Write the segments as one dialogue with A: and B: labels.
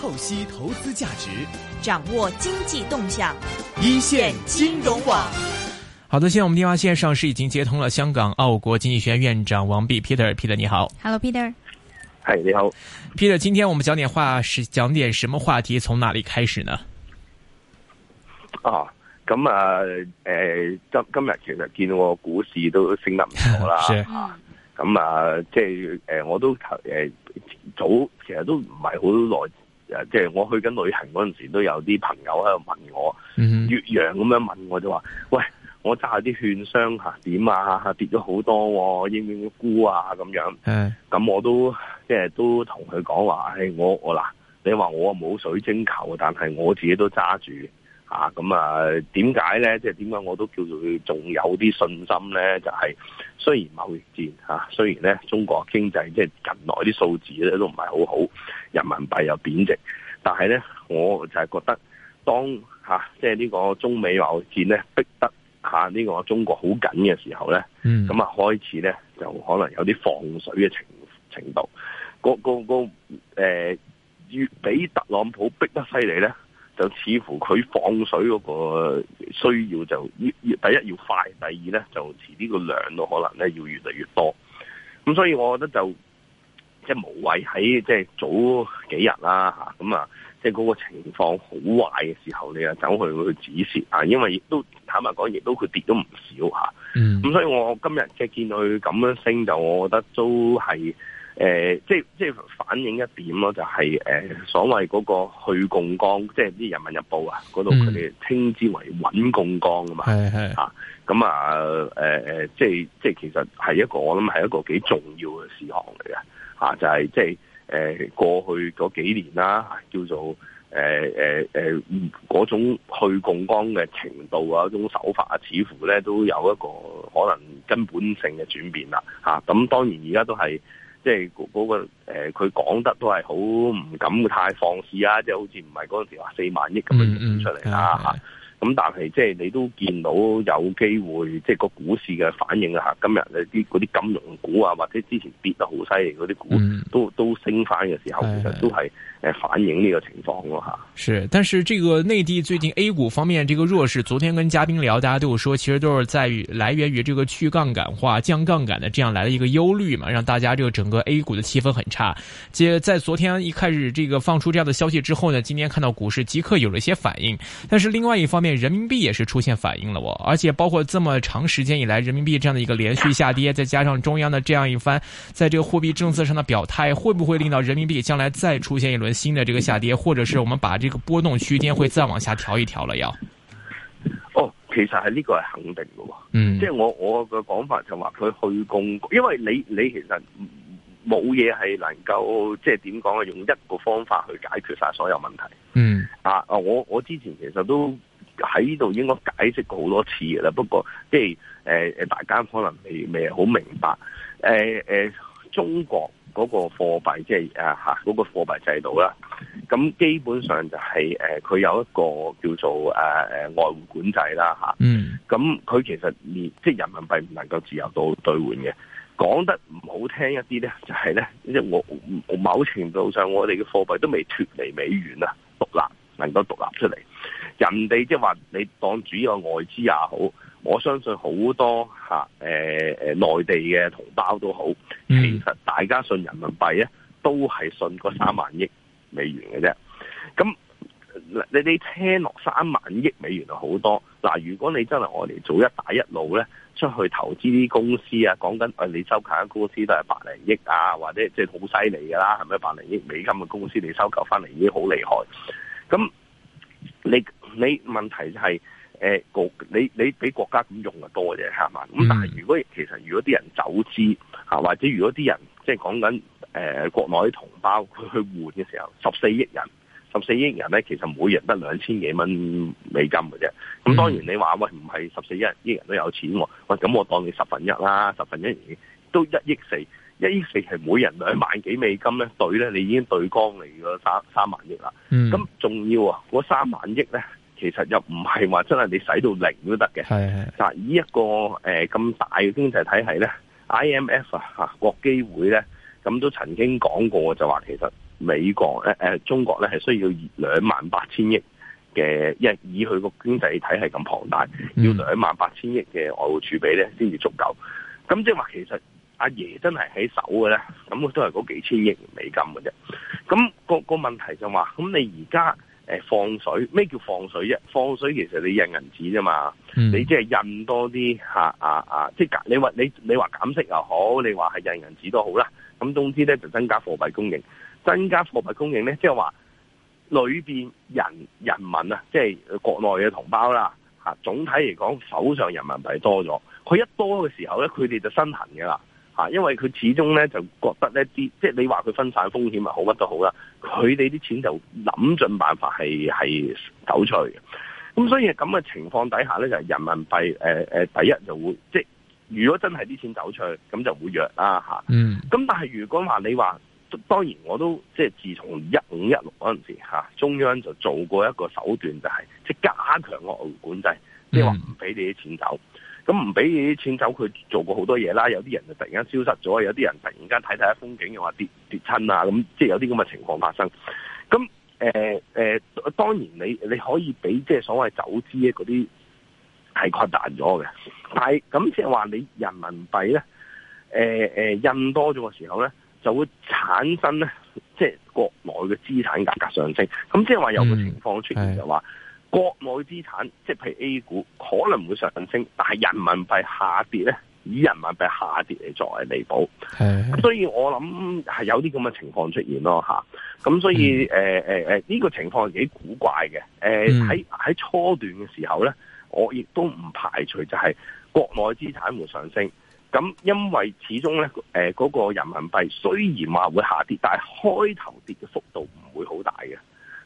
A: 透析投資價值，掌握經濟動向，一線金融網。好的，現在我們電話線上是已經接通了。香港奧國經濟學院院長王弼 Peter，Peter Peter, 你好，Hello Peter，係、hey, 你好，Peter，今天我們講點話是講點什麼話題？從哪裡開始呢？Ah,
B: 嗯、啊，咁啊，誒，今今日其實見到我股市都升得唔錯啦咁啊，即係誒，我都頭誒、呃、早其實都唔係好耐。即係我去緊旅行嗰陣時，都有啲朋友喺度問我，嗯、越洋咁樣問我就話，喂，我揸下啲券商點啊，啊？跌咗好多、啊，應唔應沽啊？咁樣，咁、嗯、我都即係都同佢講話，係我我嗱，你話我冇水晶球，但係我自己都揸住。啊，咁啊，點解咧？即係點解我都叫做佢仲有啲信心咧？就係、是、雖然貿易戰嚇、啊，雖然咧中國經濟即係、就是、近來啲數字咧都唔係好好，人民幣又貶值，但係咧我就係覺得當嚇即係呢個中美貿易戰咧逼得嚇呢個中國好緊嘅時候咧，咁、嗯、啊開始咧就可能有啲放水嘅程程度，個個個誒越俾特朗普逼得犀利咧。就似乎佢放水嗰個需要就要第一要快，第二咧就遲啲個量咯，可能咧要越嚟越多。咁所以我覺得就即係無謂喺即係早幾日啦吓，咁啊即係嗰個情況好壞嘅時候，你啊走去去指示啊，因為亦都坦白講，亦都佢跌咗唔少吓、啊。嗯，咁所以我今日即係見到佢咁樣升，就我覺得都係。誒、呃，即係即係反映一點咯，就係、是、誒、呃、所謂嗰個去槓桿，即係啲《人民日報啊、嗯他們稱是是啊呃》啊嗰度，佢哋稱之為穩槓桿啊嘛，係係吓，咁啊誒誒，即係即係其實係一個我諗係一個幾重要嘅事項嚟嘅，吓就係即係誒過去嗰幾年啦、啊，叫做誒誒誒嗰種去槓桿嘅程度啊，嗰種手法啊，似乎咧都有一個可能根本性嘅轉變啦，吓、啊、咁當然而家都係。即係嗰、嗰個誒，佢、呃、講得都係好唔敢太放肆出出、嗯嗯嗯、啊！即係好似唔係嗰陣時話四萬億咁嘅嘢出嚟呀。吓。咁但係即係你都見到有機會，即係個股市嘅反應啊！吓，今日呢啲嗰啲金融股啊，或者之前跌得好犀利嗰啲股，都、嗯、都升翻嘅時候，其實都係誒反映呢個情況咯吓。
A: 是，但是這個內地最近 A 股方面，這個弱勢，昨天跟嘉賓聊，大家都有說，其實都是在於來源於這個去槓桿化、降槓桿的這樣來的一個憂慮嘛，讓大家這個整個 A 股的氣氛很差。即係在昨天一開始這個放出這樣的消息之後呢，今天看到股市即刻有了一些反應，但是另外一方面。人民幣也是出現反應了，而且包括這麼長時間以來，人民幣這樣的一個連續下跌，再加上中央的這樣一番在這個貨幣政策上的表態，會不會令到人民幣將來再出現一輪新的這個下跌，或者是我們把這個波動區間會再往下調一調了？要
B: 哦，其實係呢個係肯定嘅。嗯，即係我我嘅講法就話佢去供，因為你你其實冇嘢係能夠即係點講啊，用一個方法去解決晒所有問題，嗯啊啊，我我之前其實都。喺呢度應該解釋過好多次嘅啦，不過即係誒誒，大家可能未未好明白誒誒，中國嗰個貨幣即係啊嚇嗰個貨幣制度啦。咁基本上就係、是、誒，佢有一個叫做誒誒外匯管制啦嚇。嗯。咁佢其實即係人民幣唔能夠自由到兌換嘅，講得唔好聽一啲咧，就係、是、咧，即係我某程度上，我哋嘅貨幣都未脱離美元啊，獨立能夠獨立出嚟。人哋即係話你當主要嘅外資也好，我相信好多吓、誒誒內地嘅同胞都好，其實大家信人民幣咧，都係信個三萬億美元嘅啫。咁你你聽落三萬億美元好多嗱、啊，如果你真係我哋做一帶一路咧，出去投資啲公司啊，講緊誒你收購啲公司都係百零億啊，或者即係好犀利噶啦，係咪百零億美金嘅公司你收購翻嚟已經好厲害，咁你？你問題就係、呃、你你俾國家咁用得多嘅係嘛？咁但係如果其實如果啲人走資、啊、或者如果啲人即係講緊誒國內啲同胞佢去換嘅時候，十四億人十四億人咧，其實每人得兩千幾蚊美金嘅啫。咁當然你話喂唔係十四億人億人都有錢喎、啊，喂咁我當你十分一啦，十分一都一億四，一億四係每人兩萬幾美金咧，兌咧你已經兌光嚟嗰三三萬億啦。咁仲要啊！嗰三萬億咧～其實又唔係話真係你使到零都得嘅，係係、這個。但以一個誒咁大嘅經濟體系咧，IMF 啊、啊國基會咧，咁都曾經講過就話其實美國誒誒、呃、中國咧係需要兩萬八千億嘅，即係以佢個經濟體系咁龐大，要兩萬八千億嘅外匯儲備咧先至足夠。咁即係話其實阿爺真係喺手嘅咧，咁都係嗰幾千億美金嘅啫。咁、那個個問題就話，咁你而家？誒，放水咩叫放水啫？放水其實你印銀紙啫嘛，你即係印多啲吓啊啊，啊！即係減你話你你話減息又好，你話係印銀紙都好啦。咁總之咧就增加貨幣供應，增加貨幣供應咧即係話裏邊人人民啊，即係國內嘅同胞啦吓。總體嚟講手上人民幣多咗，佢一多嘅時候咧，佢哋就身痕噶啦。因為佢始終咧就覺得呢啲，即係你話佢分散風險啊，好乜都好啦，佢哋啲錢就諗盡辦法係係走出去嘅。咁所以咁嘅情況底下咧，就係人民幣誒、呃、第一就會即係如果真係啲錢走出去，咁就會弱啦吓。咁但係如果話你話，當然我都即係自從一五一六嗰陣時，中央就做過一個手段，就係即係加強個外匯管制，即係話唔俾你啲錢走。咁唔俾錢走，佢做過好多嘢啦。有啲人就突然間消失咗，有啲人突然間睇睇風景又話跌跌親啊。咁即係有啲咁嘅情況發生。咁誒誒，當然你你可以俾即係所謂走資嗰啲係困難咗嘅。但係咁即係話你人民幣咧、呃，印多咗嘅時候咧，就會產生咧，即係國內嘅資產價格上升。咁即係話有個情況出現就話，嗯國內資產即係譬如 A 股可能會上升，但係人民幣下跌咧，以人民幣下跌嚟作為彌補。
C: 係，
B: 所以我諗係有啲咁嘅情況出現咯吓。咁所以誒誒誒呢個情況係幾古怪嘅。誒喺喺初段嘅時候咧，我亦都唔排除就係國內資產會上升。咁因為始終咧，誒、呃、嗰、那個人民幣雖然話會下跌，但係開頭跌嘅幅度唔會好大嘅。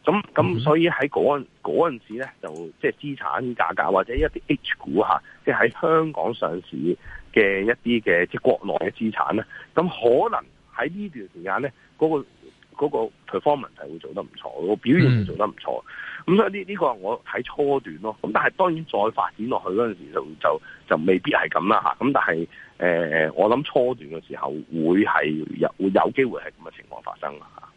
B: 咁咁，所以喺嗰陣嗰陣時咧，就即係資產價格或者一啲 H 股嚇，即係喺香港上市嘅一啲嘅即係國內嘅資產咧，咁可能喺呢段時間咧，嗰、嗰個嗰、嗰個 performance 問題會做得唔錯，嗰個表現會做得唔錯。咁、mm. 所以呢、呢、呢、個呢個我睇初段咯。咁但係當然再發展落去嗰陣時就就就未必係咁啦嚇。咁但係誒、呃，我諗初段嘅時候會係有會有機會係咁嘅情況發生。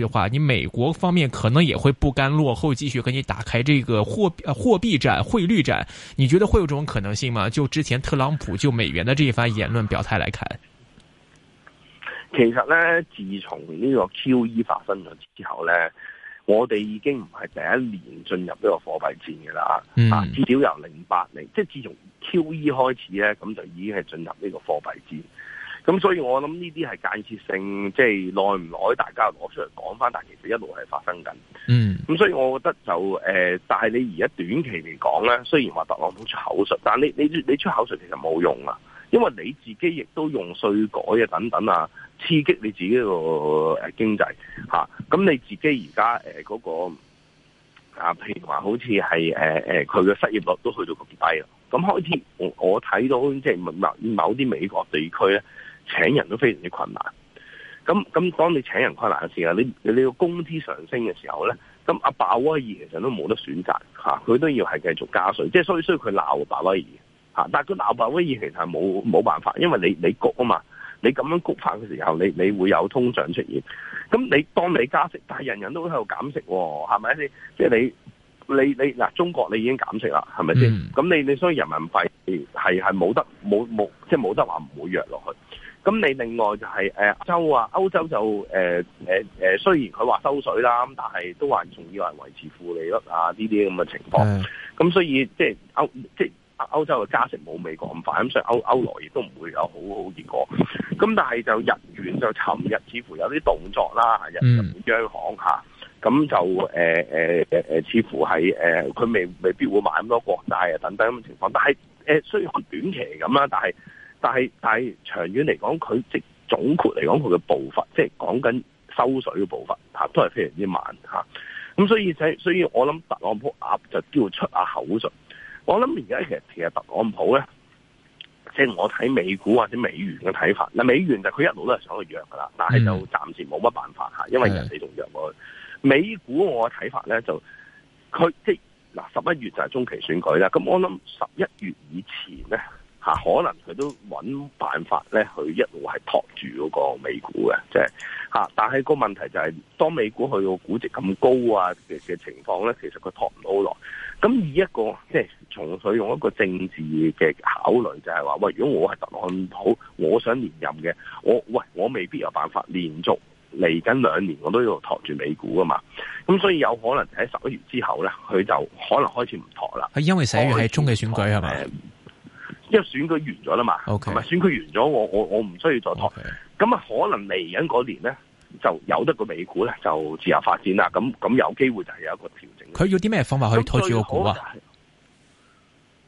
A: 的話，你美國方面可能也會不甘落後，繼續跟你打開這個貨幣貨幣戰、匯率戰。你覺得會有這種可能性嗎？就之前特朗普就美元的這一番言論表態來看，
B: 其實呢，自從呢個 QE 發生咗之後呢，我哋已經唔係第一年進入呢個貨幣戰㗎喇、嗯、啊，至少由零八年，即係自從 QE 開始呢，咁就已經係進入呢個貨幣戰。咁所以，我諗呢啲係間歇性，即、就、係、是、耐唔耐大家攞出嚟講翻，但其實一路係發生緊。嗯，咁所以，我覺得就誒、呃，但係你而家短期嚟講咧，雖然話特朗普出口術，但你你你出口術其實冇用啊，因為你自己亦都用稅改啊等等啊，刺激你自己個經濟咁、啊、你自己而家嗰個啊，譬如話好似係誒佢嘅失業率都去到咁低啦。咁開始我睇到即係某某啲美國地區咧。請人都非常之困難，咁咁當你請人困難嘅時候，你你個工資上升嘅時候咧，咁阿鮑威爾、啊啊、其實都冇得選擇吓，佢都要係繼續加稅，即係所以所以佢鬧鮑威爾吓，但係佢鬧鮑威爾其實冇冇辦法，因為你你焗啊嘛，你咁樣焗法嘅時候，你你會有通脹出現。咁你當你加息，但係人人都喺度減息，係咪你，即係你你你嗱，中國你已經減息啦，係咪先？咁、嗯、你你所以人民幣係係冇得冇冇，即係冇得話唔會弱落去。咁你另外就係歐洲啊，歐洲就誒誒誒，雖然佢話收水啦，咁但係都還仲要係維持負利率啊呢啲咁嘅情況。咁所以即係歐即係歐洲嘅加成冇美國咁快，咁所以歐歐羅亦都唔會有好好，好結果。咁但係就日元就尋日似乎有啲動作啦，日日本央、央行下，咁就誒、呃呃、似乎係誒佢未未必會買咁多國債啊等等咁嘅情況。但係誒、呃、雖然短期咁啦，但係。但係但係，長遠嚟講，佢即總括嚟講，佢嘅步伐，即係講緊收水嘅步伐，吓都係非常之慢吓。咁所以所以，所以我諗特朗普啊，就叫出下口述。我諗而家其實其實特朗普咧，即係我睇美股或者美元嘅睇法。嗱，美元就佢一路都係想去弱噶啦，但係就暫時冇乜辦法吓，因為人哋仲弱。美股我嘅睇法咧就，佢即係嗱十一月就係中期選舉啦。咁我諗十一月以前咧。吓，可能佢都揾辦法咧，佢一路係托住嗰個美股嘅，即係嚇。但係個問題就係、是，當美股佢個估值咁高啊嘅嘅情況咧，其實佢托唔到好耐。咁以一個即係從佢用一個政治嘅考慮就是說，就係話喂，如果我係特朗普，我想連任嘅，我喂我未必有辦法連續嚟緊兩年，我都要托住美股啊嘛。咁所以有可能喺十一月之後咧，佢就可能開始唔托啦。
A: 因為十一月係中期選舉係咪？
B: 即係選舉完咗啦嘛，同、okay. 埋選舉完咗，我我我唔需要再托，咁、okay. 啊可能嚟緊嗰年咧，就有得個美股咧就自由發展啦，咁咁有機會就係有一個調
A: 整。佢要啲咩方法可以托住個股啊？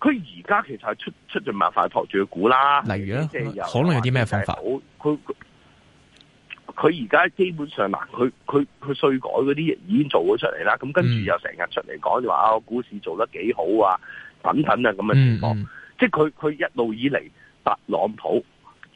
B: 佢而家其實係出出盡辦法托住個股啦，例如咧、就是，可能有啲咩方法？佢佢而家基本上嗱，佢佢佢稅改嗰啲已經做咗出嚟啦，咁跟住又成日出嚟講，就、嗯、話啊股市做得幾好啊，等等啊咁嘅情況。即係佢佢一路以嚟，特朗普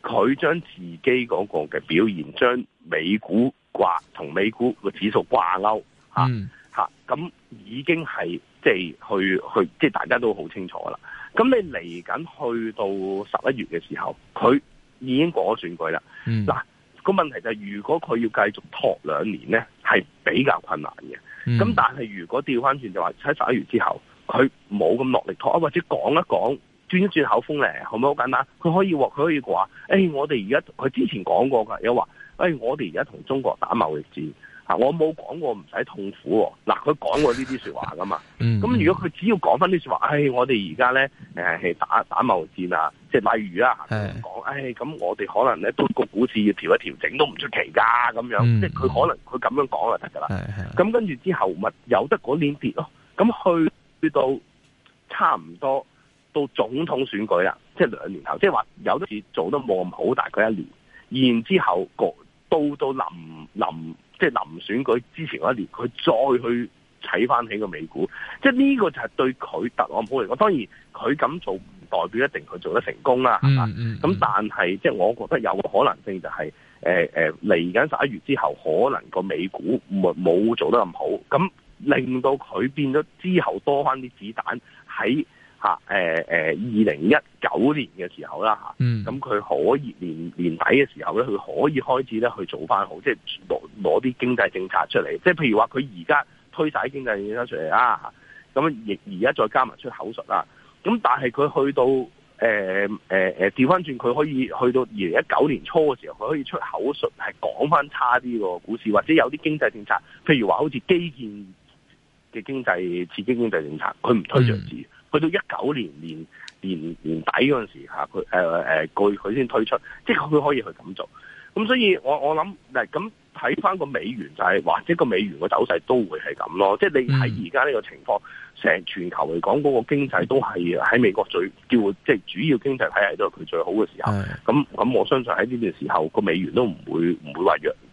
B: 佢將自己嗰個嘅表現，將美股掛同美股個指數掛鈎，吓、嗯、吓，咁、啊、已經係即係去去，即係大家都好清楚啦。咁你嚟緊去到十一月嘅時候，佢已經過咗選舉啦。嗱個問題就係，如果佢要繼續拖兩年咧，係比較困難嘅。咁、嗯、但係如果調翻轉就話，喺十一月之後，佢冇咁落力拖，或者講一講。轉一轉口風嚟，好唔好簡單？佢可以話，佢可以話，誒、欸，我哋而家佢之前講過㗎，又話，誒、欸，我哋而家同中國打貿易戰嚇，我冇講過唔使痛苦喎、啊。嗱，佢講過呢啲説話㗎嘛。咁、 嗯、如果佢只要講翻啲説話，唉、欸，我哋而家咧誒係打打貿易戰啊，即係例如啊，講，誒、欸，咁我哋可能咧都個股市要調一調整都唔出奇㗎，咁樣、 嗯、即係佢可能佢咁樣講就得㗎啦。咁跟住之後咪有得嗰年跌咯，咁、哦、去到差唔多。到總統選舉啦，即係兩年後，即係話有啲事做得冇咁好，大概一年，然之後個到到臨臨，即係臨選舉之前嗰一年，佢再去睇翻起個美股，即係呢個就係對佢特朗普嚟講，當然佢咁做唔代表一定佢做得成功啦，係、嗯、
C: 嘛？咁、嗯、
B: 但係即係我覺得有個可能性就係、是，誒誒嚟緊十一月之後，可能個美股冇冇做得咁好，咁令到佢變咗之後多翻啲子彈喺。吓，誒誒，二零一九年嘅時候啦，吓，咁佢可以年年底嘅時候咧，佢可以開始咧去做翻好，即係攞攞啲經濟政策出嚟，即係譬如話佢而家推晒啲經濟政策出嚟啦，咁亦而家再加埋出口術啦，咁但係佢去到誒誒誒，調翻轉佢可以去到二零一九年初嘅時候，佢可以出口術係講翻差啲，個股市或者有啲經濟政策，譬如話好似基建嘅經濟刺激經濟政策，佢唔推漲指。Mm. 去到一九年年年年，年底嗰陣時佢誒誒個佢先推出，即係佢可以去咁做。咁所以我，我我諗嗱，咁睇翻個美元就係話，一個美元嘅走勢都會係咁咯。即係你喺而家呢個情況，成全球嚟講嗰個經濟都係喺美國最叫，即係主要經濟體系都係佢最好嘅時候。咁咁，我相信喺呢段時候個美元都唔會唔會話弱。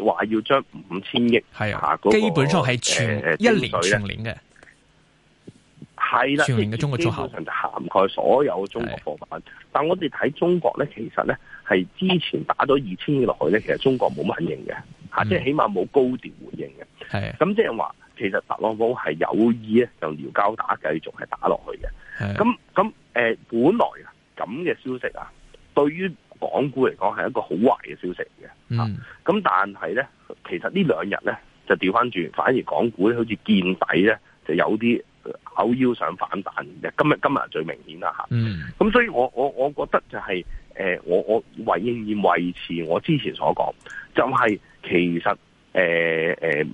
B: 話要將五千億係啊，基本上係全、呃、一年全年嘅係啦，全年嘅中國上就涵蓋所有中國貨品。但我哋睇中國咧，其實咧係之前打咗二千億落去咧，其實中國冇乜回應嘅吓，即、嗯、係起碼冇高調回應嘅。係咁即係話，其實特朗普係有意咧，就撩交打繼續係打落去嘅。咁咁誒，本來啊咁嘅消息啊，對於，港股嚟講係一個好壞嘅消息嘅，咁、嗯啊、但係咧，其實這兩天呢兩日咧就調翻轉，反而港股咧好似見底咧，就有啲扭腰想反彈嘅。今日今日最明顯啦吓，咁、啊嗯啊、所以我我我覺得就係、是、誒、呃，我我仍然維持我之前所講，就係、是、其實誒誒、呃呃，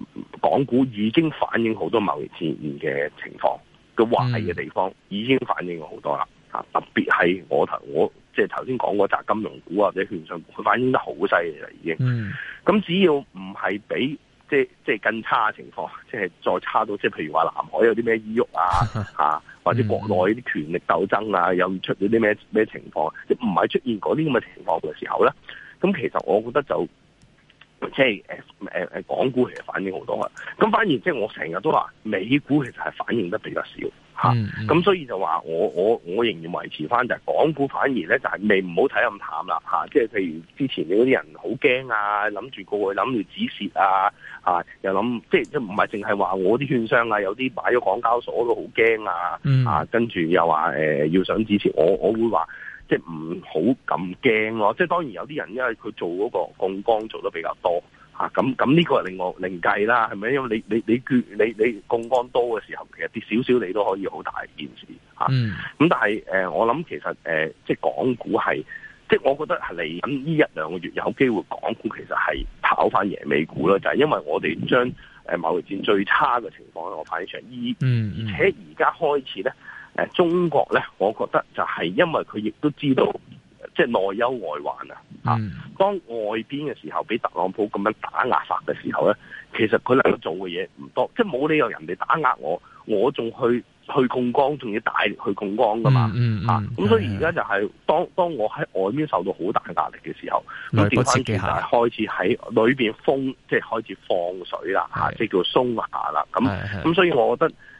B: 港股已經反映好多貿易戰嘅情況佢壞嘅地方，已經反映咗好多啦吓、嗯啊，特別係我頭我。我即係頭先講過砸金融股或者券商佢反映得好犀利啦，已經。咁只要唔係俾即係即係更差嘅情況，即係再差到即係譬如話南海有啲咩異動嚇、 啊，或者國內啲權力鬥爭啊，又出咗啲咩咩情況，即唔係出現嗰啲咁嘅情況嘅時候咧，咁其實我覺得就即係誒誒誒港股其實反映好多啊。咁反而即係我成日都話美股其實係反映得比較少。咁、 啊、所以就話我我我仍然維持翻就係、是、港股反而咧，就係你唔好睇咁淡啦，即係譬如之前你嗰啲人好驚啊，諗住過去諗住止蝕啊，啊又諗即係唔係淨係話我啲券商啊，有啲擺咗港交所都好驚啊， 啊，跟住又話要想止蝕，我我會話即係唔好咁驚咯，即係當然有啲人因為佢做嗰個槓桿做得比較多。啊，咁咁呢個係另外另計啦，係咪？因為你你你你你槓桿多嘅時候，其實跌少少你都可以好大件事、
C: 啊、嗯
B: 咁但係、呃、我諗其實、呃、即係港股係，即係我覺得係嚟緊呢一兩個月有機會港股其實係跑翻贏美股啦，就係、是、因為我哋將誒貿易戰最差嘅情況我反映上，而而且而家開始咧、呃，中國咧，我覺得就係因為佢亦都知道，即、就、係、是、內憂外患啊！嗯、當外邊嘅時，時候，俾特朗普咁樣打壓法嘅時候咧，其實佢能夠做嘅嘢唔多，即係冇理由人哋打壓我，我仲去去槓桿，仲要大力去槓桿噶嘛？吓、嗯，咁所以而家就係、是、當當我喺外邊受到好大壓力嘅時候，反而就係開始喺裏邊風，即係開始放水啦，吓、啊，即係叫鬆下啦。咁、嗯、咁、嗯嗯嗯嗯，所以我覺得。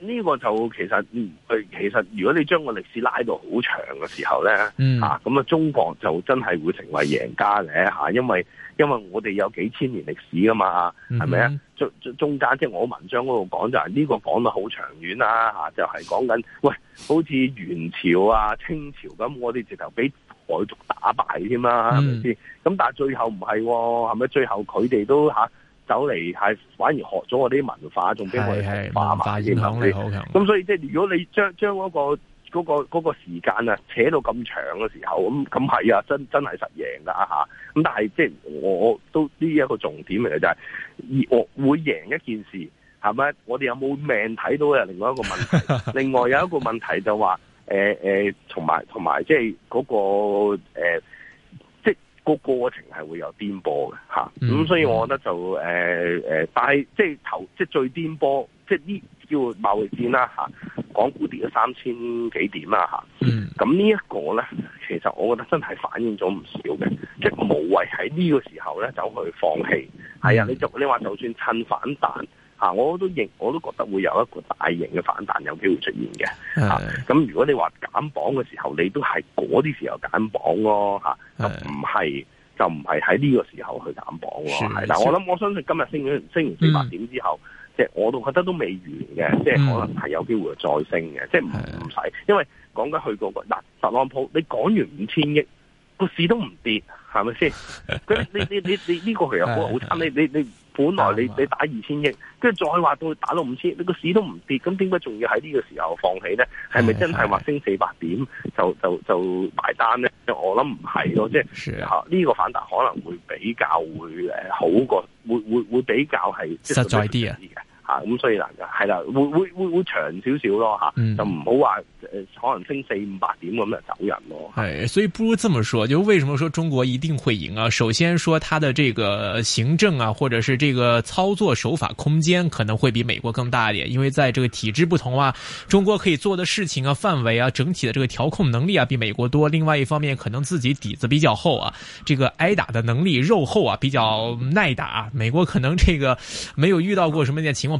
B: 呢、這個就其實、嗯，其實如果你將個歷史拉到好長嘅時候咧，咁、嗯、啊、嗯、中國就真係會成為贏家呢、啊。因為因為我哋有幾千年歷史㗎嘛，係咪啊？中中間即係我文章嗰度講就係呢個講到好長遠啦，就係講緊喂，好似元朝啊、清朝咁，我哋直頭俾外族打敗添啦，係咪先？咁但係最後唔係、哦，係咪最後佢哋都、啊走嚟係反而學咗我啲文化，仲俾我化係係文化影響你。咁所以即係如果你將將嗰、嗰個嗰、嗰個嗰、嗰個、時間啊扯到咁長嘅時候，咁咁係啊，真真係實贏㗎啊，咁但係即係我都呢一、呢個重點嚟嘅，就係、係，而我會贏一件事係咪？我哋有冇命睇到嘅另外一個問題， 另外有一個問題就話誒誒，同埋同埋即係嗰個、呃那個過程係會有顛簸嘅吓，咁、嗯、所以我覺得就誒誒、呃呃，但係即係頭即係、就是、最顛簸，即係呢叫貿易戰啦吓，港股跌咗三千幾點啦吓，咁、嗯、呢一個咧，其實我覺得真係反映咗唔少嘅，即、就、係、是、無謂喺呢個時候咧走去放棄，係啊，你就你話就算趁反彈。啊！我都認，我都覺得會有一個大型嘅反彈，有機會出現嘅。咁、啊、如果你話減磅嘅時候，你都係嗰啲時候減磅咯。嚇、啊，就唔係，就唔係喺呢個時候去減磅咯。係，嗱，我諗我相信今日升咗升完四百點之後，嗯、即係我都覺得都未完嘅，即係可能係有機會再升嘅、嗯，即係唔唔使，因為講緊去嗰、嗰個嗱、啊，特朗普你講完五千億。個市都唔跌，係咪先？你你你你呢、呢個其實好好差。 你你你本來你你打二千億，跟住再話到打到五千億，你個市都唔跌，咁點解仲要喺呢個時候放棄咧？係咪真係話升四百點就就就埋單咧？我諗唔係咯，即係吓呢個反彈可能會比較會誒好過，會會會比較係實在啲啊！啊，咁、嗯、所以啦，係啦，會會會會長少少咯吓，就唔好話誒，可能升四五百點咁就走
A: 人咯。係、嗯，所以不如這麼說，就為什麼說中國一定會贏啊？首先說它的這個行政啊，或者是這個操作手法空間可能會比美國更大一點，因為在這個體制不同啊，中國可以做的事情啊、範圍啊、整體的這個調控能力啊，比美國多。另外一方面，可能自己底子比較厚啊，這個捱打的能力肉厚啊，比較耐打啊。美國可能這個沒有遇到過什麼啲情況。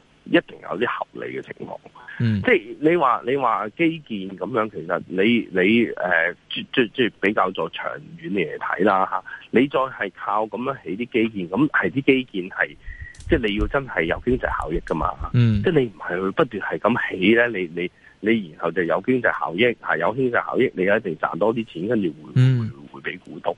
B: 一定有啲合理嘅情況，嗯，即係你話你話基建咁樣，其實你你誒，即即即比較做長遠嚟睇啦嚇，你再係靠咁樣起啲基建，咁係啲基建係，即係你要真係有經濟效益噶嘛，即係你唔係去不斷係咁起咧，你不不斷不斷你你，你，你然後就有經濟效益，係有經濟效益，你一定賺多啲錢，跟住
C: 回回
B: 回俾股東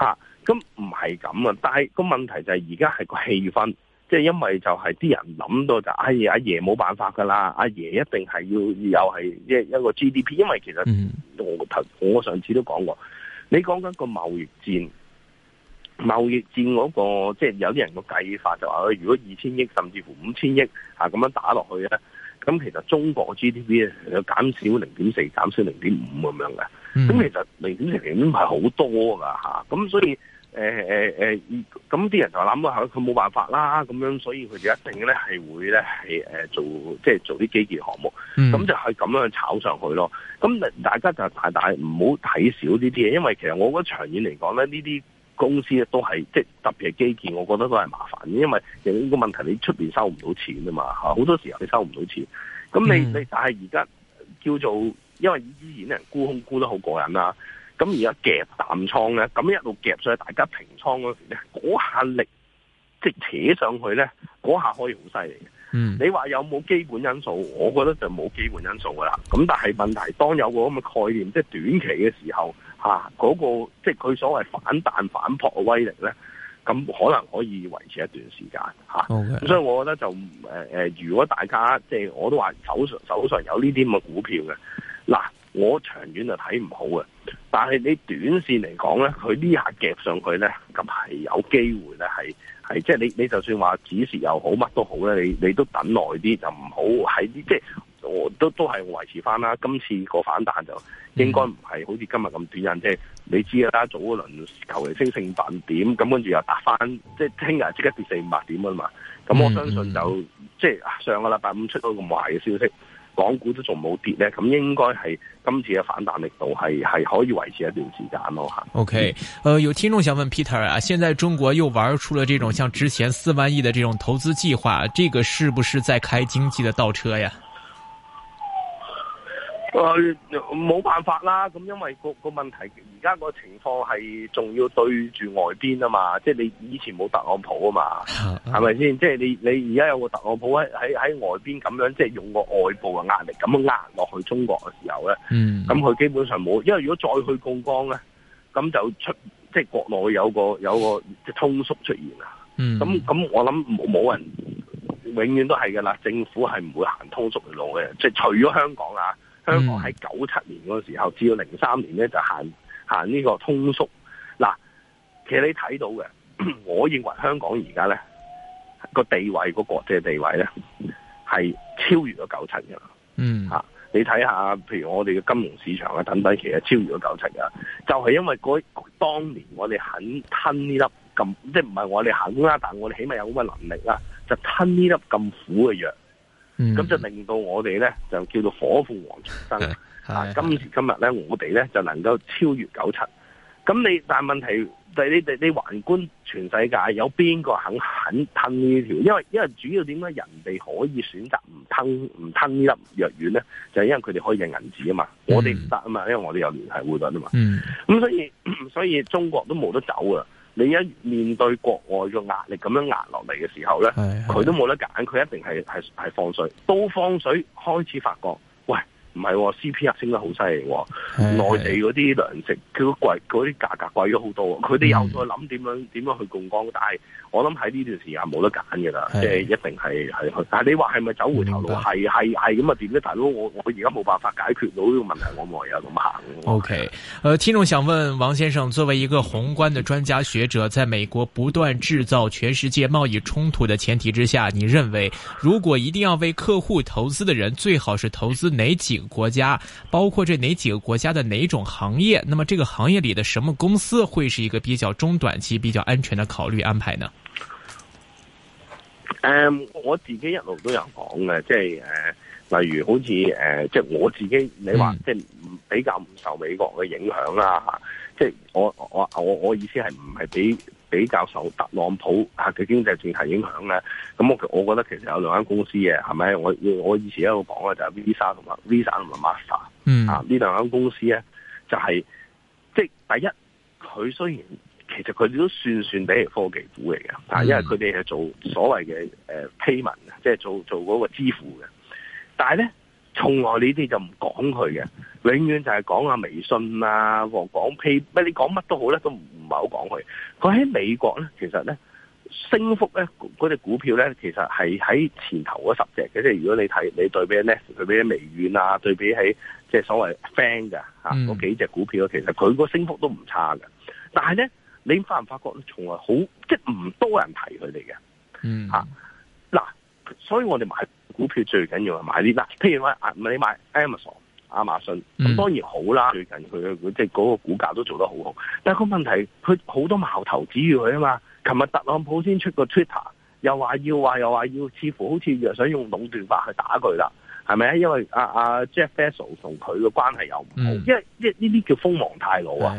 B: 嚇，咁唔係咁啊！但係個問題就係而家係個氣氛。即係因為就係啲人諗到就阿爺阿爺冇辦法噶啦，阿爺一定係要又係一一個 GDP，因為其實我頭我上次都講過，你講緊個貿易戰，貿易戰嗰個即係有啲人個計法就話，如果二千億甚至乎五千億啊咁樣打落去咧，咁其實中國 GDP 咧有減少零點四，減少零點五咁樣嘅，咁其實零點零零唔係好多噶吓，咁所以。誒誒誒，咁、呃、啲人就話諗到佢冇辦法啦，咁樣，所以佢就一定咧係會咧係誒做，即係做啲基建項目。咁、嗯、就係咁樣炒上去咯。咁大家就大大唔好睇少呢啲嘢，因為其實我覺得長遠嚟講咧，呢啲公司咧都係即係特別係基建，我覺得都係麻煩，因為其實呢個問題你出面收唔到錢啊嘛，好多時候你收唔到錢。咁你你但係而家叫做因為依啲演人沽空沽得好過癮啦。咁而家夾淡倉咧，咁一路夾上去，大家平倉嗰時咧，嗰下力即係扯上去咧，嗰下可以好犀利嘅。你話有冇基本因素？我覺得就冇基本因素噶啦。咁但係問題當有個咁嘅概念，即係短期嘅時候嗰、啊嗰個，即係佢所謂反彈反撲嘅威力咧，咁可能可以維持一段時間吓、啊 Okay. 所以我覺得就、呃、如果大家即係我都話手上手上有呢啲咁嘅股票嘅嗱。我長遠就睇唔好嘅，但係你短線嚟講咧，佢呢下夾上去咧，咁係有機會咧，係係即係你你就算話指示又好，乜都好咧，你你都等耐啲就唔好喺啲即係，我都都係維持翻啦。今次個反彈就應該唔係好似今日咁短癮啫。Mm. 你知啦，早嗰輪求其升升五百點，咁跟住又打翻，即係聽日即刻跌四五百點啊嘛。咁我相信就，mm. 即係上個禮拜五出到咁壞嘅消息。港股都仲冇跌呢，咁應該係今次嘅反彈力度係係可以維持一段時間咯。吓
A: ，OK，呃，有聽眾想問 Peter 啊，現在中國又玩出了這種像之前四萬億的這種投資計劃，這個是不是在開經濟的倒車呀？
B: 誒、呃，冇辦法啦。咁因為個個問題，而家個情況係仲要對住外邊啊嘛。即係你以前冇特朗普啊嘛，係咪先？即係你你而家有個特朗普喺喺喺外邊咁樣，即係用個外部嘅壓力咁樣壓落去中國嘅時候咧，咁、嗯、佢基本上冇。因為如果再去槓桿咧，咁就出即係國內有個有個即通縮出現啊。咁、嗯、咁我諗冇冇人永遠都係噶啦。政府係唔會行通縮嘅路嘅，即係除咗香港啊。嗯、香港喺九七年嗰時候，至到零三年咧就行行呢個通縮。嗱，其實你睇到嘅，我認為香港而家咧個地位，個國際地位咧係超越咗九七㗎喇。嗯，嚇、啊、你睇下，譬如我哋嘅金融市場啊等等，其實超越咗九七㗎喇，就係、是、因為嗰當年我哋肯吞呢粒咁，即係唔係我哋肯啦，但係我哋起碼有咁嘅能力喇，就吞呢粒咁苦嘅藥。咁、嗯、就令到我哋咧就叫做火鳳凰出生啊！今時今日咧，我哋咧就能夠超越九七。咁你但係問題，你你你，環觀全世界有，有邊個肯肯吞呢條？因為因為主要點解人哋可以選擇唔吞唔吞若呢粒藥丸咧？就係、是、因為佢哋可以印銀紙啊嘛。嗯、我哋唔得啊嘛，因為我哋有聯繫匯率啊嘛。咁、嗯、所以所以中國都冇得走啊！你一面對國外嘅壓力咁樣壓落嚟嘅時候咧，佢都冇得揀，佢一定係係係放水，到放水開始發覺。唔係喎 CPI 升得好犀利喎，內地嗰啲糧食佢貴，佢啲價格貴咗好多。佢哋又再諗點樣點、嗯、樣去槓桿，但係我諗喺呢段時間冇得揀嘅啦，即係、呃、一定係係但係你話係咪走回頭路？係係係咁啊？點咧？大佬，我我而家冇辦法解決到呢個問題，我唯有咁行。
A: O K，誒，聽眾想問王先生，作為一個宏觀嘅專家學者，在美國不斷製造全世界貿易衝突嘅前提之下，你認為如果一定要為客戶投資嘅人，最好是投資哪幾個？國家包括這哪幾個國家的哪種行業？那麼這個行業裏的什麼公司會是一個比較中短期比較安全的考慮安排呢？誒、嗯，
B: 我自己一路都有講嘅，即係誒、呃，例如好似誒、呃，即係我自己，你話即係比較唔受美國嘅影響啦、啊、吓，即係我我我我意思係唔係俾。比較受特朗普吓嘅經濟政策影響咧，咁我我覺得其實有兩間公司嘅係咪？我我以前一路講嘅就係、是、Visa 同埋 Visa 同埋 Master、嗯、啊呢兩間公司咧就係、是、即係第一，佢雖然其實佢哋都算算哋係科技股嚟嘅、嗯，但係因為佢哋係做所謂嘅誒 payment，即係做做嗰個支付嘅，但係咧從來你哋就唔講佢嘅。永遠就係講啊，微信啊，或講 Pay 乜，你講乜都好咧，都唔係好講佢。佢喺美國咧，其實咧升幅咧嗰隻股票咧，其實係喺前頭嗰十隻嘅。即係如果你睇你對比 net 對比微軟啊，對比起即係所謂 fan 嘅吓，嗰、啊、幾隻股票，其實佢個升幅都唔差嘅。但係咧，你發唔發覺呢？從來好即係唔多人提佢哋嘅吓嗱。所以我哋買股票最緊要係買啲嗱，譬如話你買 Amazon。亞馬遜咁當然好啦，最近佢嘅即係嗰個股價都做得好好，但係個問題佢好多矛頭指住佢啊嘛！琴日特朗普先出個 Twitter，又話要話又話要，似乎好似又想用壟斷法去打佢啦，係咪啊？因為阿阿 Jeff Bezos 同佢嘅關係又唔好、嗯，因為因為呢啲叫鋒芒太露啊，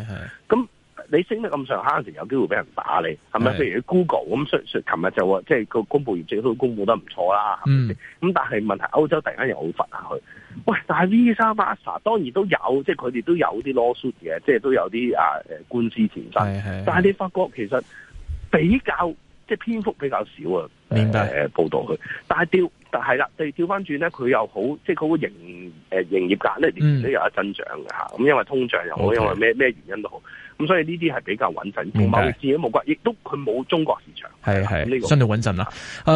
B: 咁。你升得咁上，可能有機會俾人打你，係咪？譬如 Google 咁。嗯，所所以琴日就話，即係個公佈業績都公佈得唔錯啦。
C: 咁、
B: 嗯、但係問題歐洲突然間又好滑下去。喂，但係 Visa、Master 當然都有，即係佢哋都有啲 law suit 嘅，即係都有啲啊、呃、官司前身，但係你發覺其實比較即係篇幅比較少啊。誒、呃、報導佢，但係調但係啦，調翻轉咧，佢又好，即係佢營誒營業額咧都有得增長㗎吓。咁、嗯、因為通脹又好，okay。因為咩咩原因都好。咁、嗯、所以呢啲係比較穩陣，同埋貿易戰都冇關，亦都佢冇中國市
A: 場。係係，呢、這個相對穩陣啦。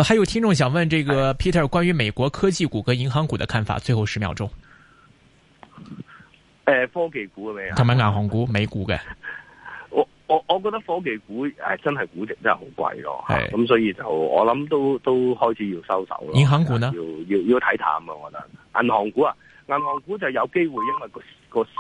A: 還有聽眾想問這個 Peter 關於美國科技股和銀行股的看法，最後十秒鐘。
B: 誒、呃，科技股啊未？啊同埋
A: 銀行股，沒股的、美股
B: 嘅。我我我覺得科技股誒、哎、真係估值真係好貴咯，咁、嗯、所以就我諗都都開始要收手咯。銀行股呢？要要要睇淡啊！我覺得銀行股啊，銀行股就有機會，因為個個。